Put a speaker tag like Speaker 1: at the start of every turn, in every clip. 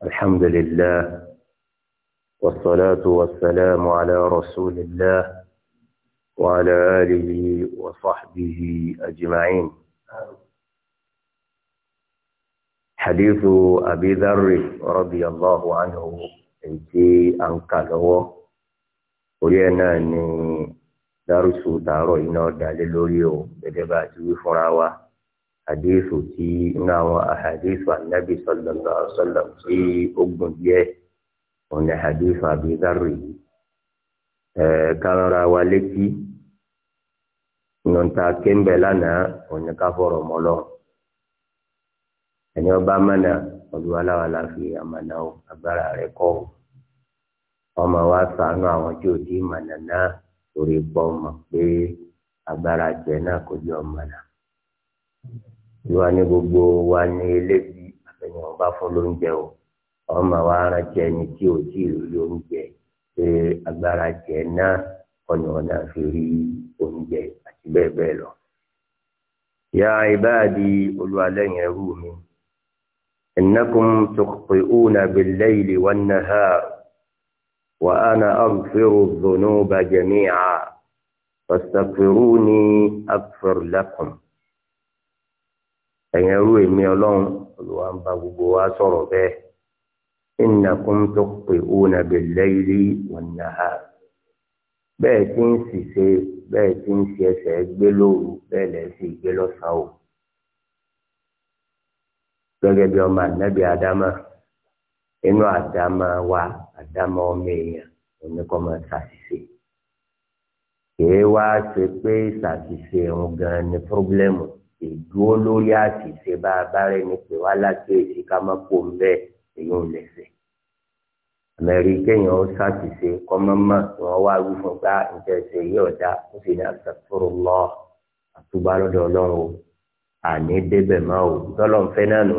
Speaker 1: الحمد لله والصلاة والسلام على رسول الله وعلى آله وصحبه أجمعين حديث أبي ذر رضي الله عنه إنتي أنكاله ولينا أني دارس دارو إنه دالي لوريو بدبات وفراوه àdéhùn tí inú àwọn àhàdéhùn ànábì sallallahu alaihi wasallam tí ó gùn díẹ̀ òun ni àdéhùn àbíkárò yìí kárànra wa létí nùtà kéńbẹ lánàá òun ni ká fọ̀rọ̀ mọ́ lọ ẹni ọba mọnà ọdún aláwa la fi àmàna o agbára rẹ kọ o ọmọ wa ṣàánú àwọn tí ò tí ì náà torí pọ mọ pé agbára jẹ náà kò jọ mọnà ìwà ní gbogbo wa ní eléyìí àfẹnìyàn ọba fún lóúnjẹ o àwọn máa wá ara jẹ ẹni tí ò tí ì rí oúnjẹ ṣe agbára jẹ náà ọ̀nà ọ̀nà fi rí oúnjẹ àti bẹ́ẹ̀ bẹ́ẹ̀ lọ. ya ibadi olúwalẹ́yìn ẹrú mi innakum tukhti'una bil-layli wan-nahar wa ana aghfiru dhunuba jami'a fastaghfiruni aghfir lakum ẹ̀yìn ẹrú èmi ọlọ́run olùwà ń bá gbogbo wa sọ̀rọ̀ bẹ́ẹ̀ innakum tukhṭi'una bil-layli wan-nahar bẹ́ẹ̀ tí ń ṣìṣe bẹ́ẹ̀ tí ń ṣe ẹsẹ̀ gbé lóru bẹ́ẹ̀ lẹ́ sì gbé lọ́sàn o gẹ́gẹ́ bí ọmọ ànábì ádámà inú àdámà wa àdámà ọmọ èèyàn oníkọ́mọ ṣàṣìṣe kì í wá ṣe pé ṣàṣìṣe òun gan ni pírọ́blẹ́mù ìdúró lórí àṣìṣe bá a bá rẹni pé wá lákèésí ká má kó ń bẹ́ẹ̀ èyí ò lẹ́sẹ̀. àmẹ́rí kéèyàn ó ṣàṣìṣe kọ́mọ́mọ́ tí wọ́n wá rú fún gbá ìjẹsẹ̀ yìí ọ̀dà ó sì ní àṣàtúrò lọ àtúbà lọ́dọ̀ ọlọ́run o àní débẹ̀ máa o tọ́lọ̀ ń náà nù.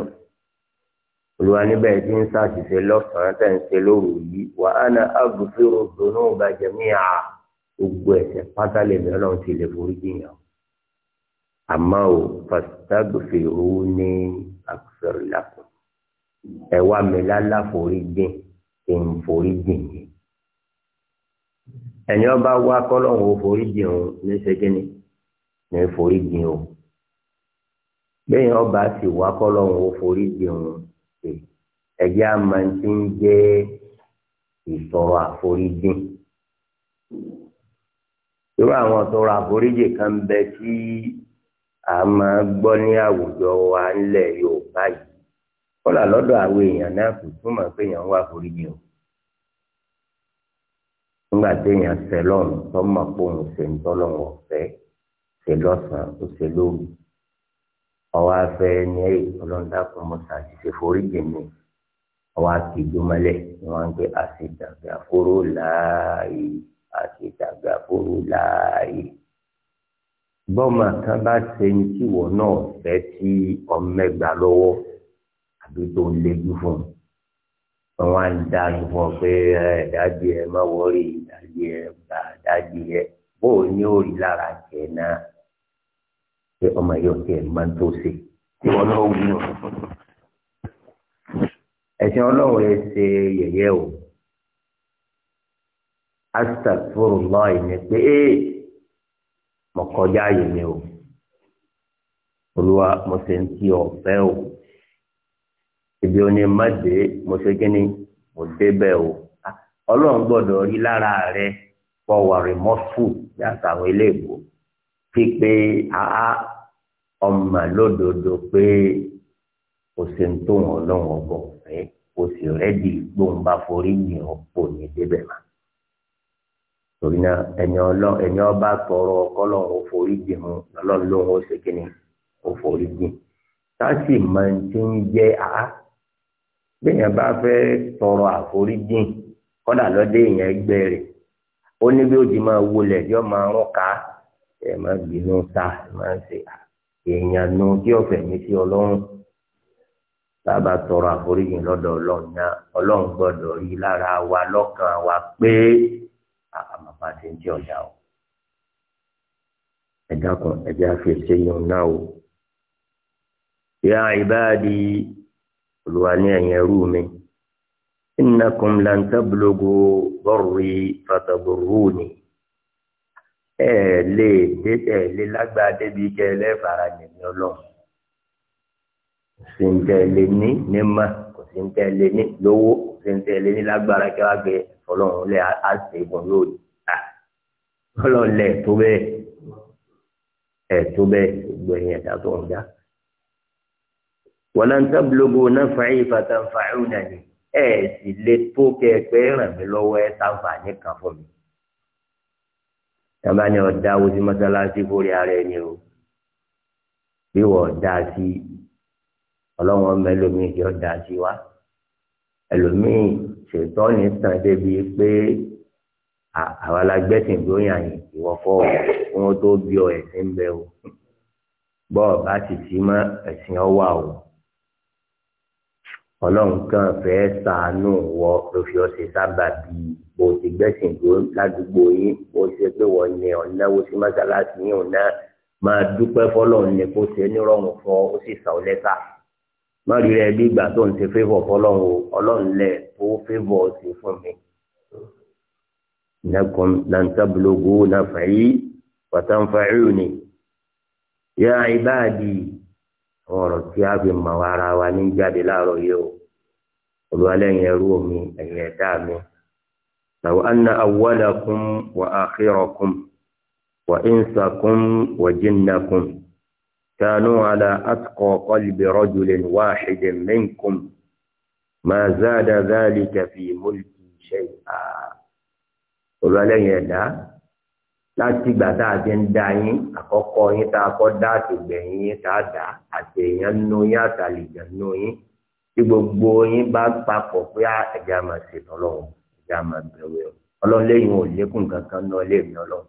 Speaker 1: olúwa níbẹ̀ tí ń ṣàṣìṣe lọ́sàn-án tẹ̀ ń ṣe lóru yìí wà á na àgùfẹ́ òdòdó náà bàjẹ́ míà gbogbo ẹ̀ṣẹ̀ pátá lè mẹ́ràn ti lè forí jìyàn àmọ́ ò fàṣítàgbèfèrú ní àkùsọ̀rìlàkùn ẹ wá mi lálá forí dín kí n forí dín yìí ẹni ọba wá kọlọ́hún ó forí dín o ní ṣẹ́gínní ní forí dín o lẹ́yìn ọba sì wá kọlọ́hún forí dín o ẹ̀jẹ̀ àmọ́ ti ń jẹ́ ìtọrọ àforíjìn irú àwọn tọrọ àforíjìn kan bẹ tí a máa gbọ́ ní àwùjọ wa ńlẹ̀ Yorùbá yìí kọ́là lọ́dọ̀ àwọn èèyàn náà kò túmọ̀ pé èèyàn wà foríjì o nígbà téèyàn ṣẹ lọ́run tọ́mọ̀ pòun ṣe ń tọ́lọ́run ọ̀fẹ́ ṣe lọ́sàn-án ó ṣe lóru ọwọ́ afẹ́ ní ọlọ́ńdàkùn mọ́sá ti ṣe foríjì mi ọwọ́ akíjọmọlẹ̀ ni wọ́n ń pè àṣetàgbàfóró láàyè àṣetàgbàfóró láàyè bọ́mà kan bá ṣe ń tìwọ̀ náà fẹ́ tí ọmẹgbà lọ́wọ́ àbí tó ń léjú fún un wọn á ń dánu fún ọ pé dájú ẹ má wọrí dájú ẹ gbà dájú ẹ bóò ní òrì lára tẹ náà pé ọmọ yóò tẹ máa ń tó ṣe tí wọn náà wù ú ẹ̀sìn ọlọ́run ẹ ṣe yẹ̀yẹ́ o astagfirullah ni pé ee mo kọjá yìí ni o olúwa mo ṣe ń tí ọ̀fẹ́ o ibi oní mọ́dé mo ṣe kí ni mo débẹ̀ o ọlọ́run gbọ́dọ̀ rí lára rẹ pọ̀ wà rìmọ́fù yàtọ̀ àwọn iléèbó fi pé àá ọmọ lódodo pé kò sí ń tó wọn lọ́wọ́ bọ̀ fẹ́ kò sì rẹ́dí gbóhùn bá forí yìí ọ̀pọ̀ ní débẹ̀ máa torí náà ẹni ọlọ́n ẹni ọba tọrọ kọ́lọ́n ò forí jìn mu lọ́lọ́n ló ń ó ṣe kíni ó forí jìn sáàsì máa ń ti ń jẹ́ àá bẹ́ẹ̀ bá fẹ́ tọrọ àforíjìn kọ́dà lọ́dẹ èèyàn ẹgbẹ́ rẹ̀ ó ní bí ó ti máa wọlé ẹjọ́ máa rún ká ẹ máa bínú ta ẹ máa ṣe èèyàn nu kí ọ̀fẹ́ mi sí ọlọ́run bàbá tọrọ àforíjìn lọ́dọ̀ ọlọ́run ọlọ́run gbọ́dọ̀ rí lára wa lọ́kàn wa pé bá ti ń jẹ́ ọ̀dà o. ẹ dákun ẹ jẹ́ àfi ṣéyìn náà o. ya ibadi olùwà ní ẹ̀yìn ẹrú mi. innakum lan tablugu darri fatadurruni ẹ lè dé ẹ lè lágbàá débi kẹ ẹ lẹ́fàá nìyẹn ọlọ́run sèǹtẹ̀lẹ̀ ní nímà kò sèǹtẹ̀lẹ̀ ní lówó sèǹtẹ̀lẹ̀ ní lágbára kí wàá gbé ọlọ́run lẹ́ àṣẹ ìbọn ọlọlẹ tó bẹ́ẹ̀ ẹ tó bẹ́ẹ̀ gbogbo ẹ̀yin ẹ̀dá tó ń dá wọlé ń tábìlógó náà fàáyé fatanfàáyé náà ni ẹ sì lè tó kẹpẹ ràn mí lọ́wọ́ ẹ sáǹfààní kan fún mi yàrá ni ọ̀dà ojú mọ́sálásí kórè ara ẹni o bí wọ́n dá sí ọlọ́wọ́n mẹ́lòmíì yọ̀ dá sí wa ẹlòmíì ṣètọ́ ní tàn débi pé àwọn alágbẹ́sìn tó yàn yín ìwọ fọ́ ọ kí wọ́n tó bí ọ ẹ̀sìn bẹ o bọ́ọ̀ bá ti ti mọ́ ẹ̀sìn ọwà o ọlọ́run kan fẹ́ sàánú wọ ló fi ọṣẹ sábà bí bó ti gbẹ́sìn tó ládùúgbò yín bó ṣe pé wọ́n ní ọ̀nàwó sí mọ́sálásí yín ọ̀nà máa dúpẹ́ fọlọ́run ni kó ṣe nírọ̀rùn fún ó sì sàn ọ́ lẹ́sà má rí rẹ bí ìgbà tó ń ṣe fẹ́fọ̀ fọlọ́run ọlọ́run lẹ̀ tó fẹ́fọ̀ ṣe fún mi. إنكم لن تبلغوا نفعي وتنفعوني يا عبادي ọ̀rọ̀ tí a fi mọ̀ ara wa ní jáde láàárọ̀ yìí o olùwàlẹ́yìn ẹrú mi ẹ̀yìn ẹ̀dá mi law anna awwalakum wa akhirakum wa insakum wa jinnakum kanu ala atqa qalbi rajulin wahidin minkum ma zada dhalika fi mulki shay'a olùwàlẹ́yìn ẹ̀dá láti ìgbà tá a ti ń da yín àkọ́kọ́ yín tá a kọ́ dá àtìgbẹ̀yìn yín tá a dá àtẹ̀yìn nù yín àtàlìjẹ̀ nù yín tí gbogbo yín bá papọ̀ pé ah, ẹ̀já máa ṣe tọ́lọ́run ẹ̀já máa bẹ̀rù ẹ̀ ọlọ́run lẹ́yìn ò lékún kankan náà lè mi ọlọ́run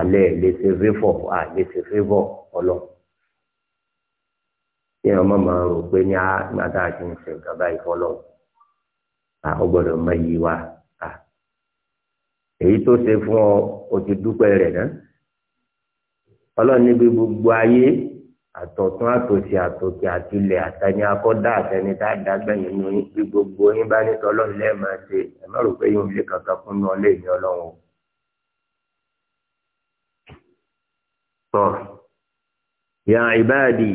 Speaker 1: alẹ́ léṣe fífọ̀ à léṣe fífọ̀ ọlọ́run tí ọmọ máa rò pé ah, ní àgbàdo àti ìṣẹ̀gàbá ìfọlọ́run à ó gbọ́dọ̀ mọ iyì wa èyí tó ṣe fún ọ o ti dúpẹ́ rẹ̀ náà ọlọ́run níbi gbogbo ayé àtọ̀tún àtòsí àtòkè àti ilẹ̀ àtẹni akọ́dá àtẹni tá a dá bí gbogbo yín bá ní tọ́lọ́run lẹ́ẹ̀ ṣe ẹ má rò pé yóò lè kankan fún mi ọlẹ́ ìní ọlọ́run o. tọ́ ya ibadi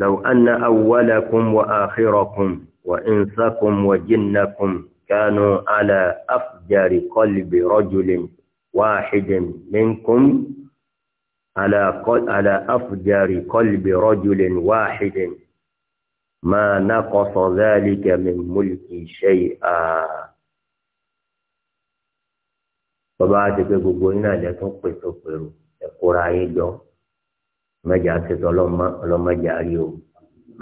Speaker 1: law anna awwalakum wa akhirakum wa insakum wa jinnakum kanu ala af اتجار قلب رجل واحد منكم على على أفجار قلب رجل واحد ما نقص ذلك من ملكي شيئا bàbá àti pé gbogbo iná ilẹ̀ tó pètò pèrò ẹ̀kúra ayé jọ mẹjà tètè ọlọ́mọdé àrí o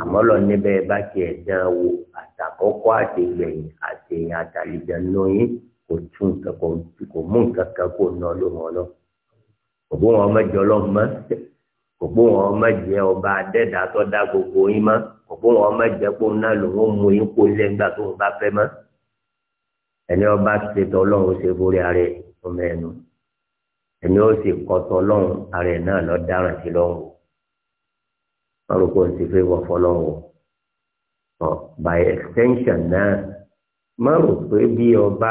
Speaker 1: àmọ́ lọ níbẹ̀ bá tiẹ̀ dán wò àtàkọ́kọ́ àtìgbẹ̀yìn àtẹ̀yìn àtàlìjẹ́ lóyún kò tún nǹkan kò mú nǹkan kan kó ná lóhùn ọlọ kò bó wọn ọmọ jẹ ọlọ́run mọ́ kò bó wọn ọmọ jẹ ọba adẹ́dá tó dá gbogbo yín mọ́ kò bó wọn ọmọ jẹ kó ná lòun ó mú yín kó lẹ́gbàá tó ń bá fẹ́ mọ́ ẹni ọba ṣe tọlọ́run ṣe borí ara ẹ̀ ọmọ ẹnu ẹni ó sì kọ́ tọlọ́run ara ẹ̀ náà lọ́ọ́ dáràn sí lọ́wọ́ wọn rò pé òun ti fẹ́ wọ̀ fọlọ́wọ́ by extension náà má rò pé bí ọba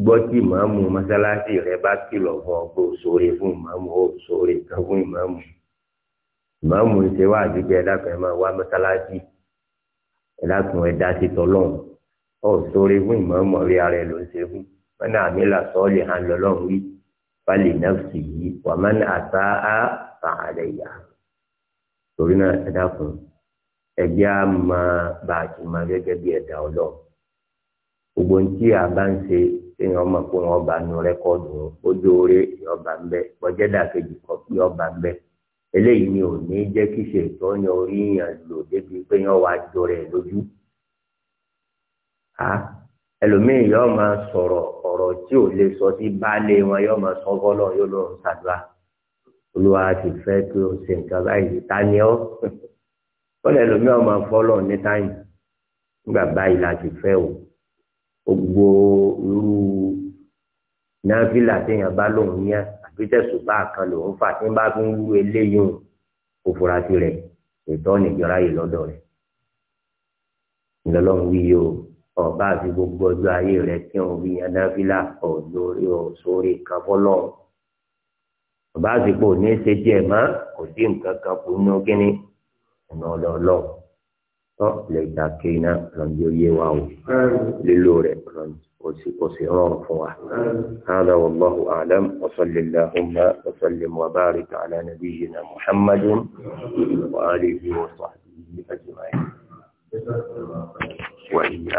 Speaker 1: gbọ́ tí màámu mọ́sálásí rẹ bá kìlọ̀ fún ọ pé o sóore fún màámu o sóore kan fún màámu màámu ń ṣe wá àdúgbò ẹ̀dá kan ẹ̀ máa wá mọ́sálásí ẹ̀dá kan ẹ̀dá ti tọ́lọ́run ọ sóore fún màámu ọ̀rẹ́ ara ẹ̀ ló ń ṣe fún mọ́nà àmì làsọ́ọ̀lì hàn lọ́lọ́run wí fálì náfsì yìí wà mọ́nà àtà á fà àlẹ́ yà torí náà ẹ̀dá kan ẹ̀jẹ̀ máa bàjẹ́ máa gẹ́gẹ́ bí ẹ̀dá ọlọ́run gbogbo ní tí a bá ń ṣe èèyàn ọmọ kó wọn bá nu rẹ́kọ́ọ̀dù wọn ojú oore yóò bá ń bẹ bọ́jẹ́dà kejì kọ́ yóò bá ń bẹ eléyìí ni ò ní jẹ́ kí ṣètò yan orí yàn lò débi pé yàn wá jọ rẹ̀ lójú. ẹlòmíì yóò máa sọ̀rọ̀ ọ̀rọ̀ tí ò lè sọ sí baálé wọn yóò máa sọ fọ́lọ́ yóò lọ ṣàdúrà olúwa ti fẹ́ kí o ṣe nǹkan báyìí ta ni ọ́ kọ́lẹ̀ ẹlòmíì ọmọ fọ́lọ́ ní táyì gbogbo irú náfìlà téèyàn bá lòun yẹn àbí tẹ̀sùbá kan lòun fà tí ń bá fi ń wú eléyìí hùn kó fura sí rẹ̀ ètò ọ̀nìjọra yìí lọ́dọ̀ rẹ̀ ńlọlọ́run wí yìí o ọba àti gbogbo ọjọ́ ayé rẹ̀ kí wọn wí yẹn náfìlà ọ̀ lórí ọ̀ sórí kan fọlọ́run ọba àti pò ní ṣe díẹ̀ mọ́ kò sí nǹkan kan kù nínú kínní ọ̀nà ọ̀dọ̀ ọlọ́run tọ́ lẹ́yìn àké iná lọ́njọ́ yé wa o lílo rẹ̀ lọ́njọ́ rọrùn fún wa. هذا والله أعلم وصل اللهم وسلم وبارك على نبينا محمد وآله وصحبه أجمعين وإياك